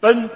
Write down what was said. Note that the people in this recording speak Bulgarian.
Пън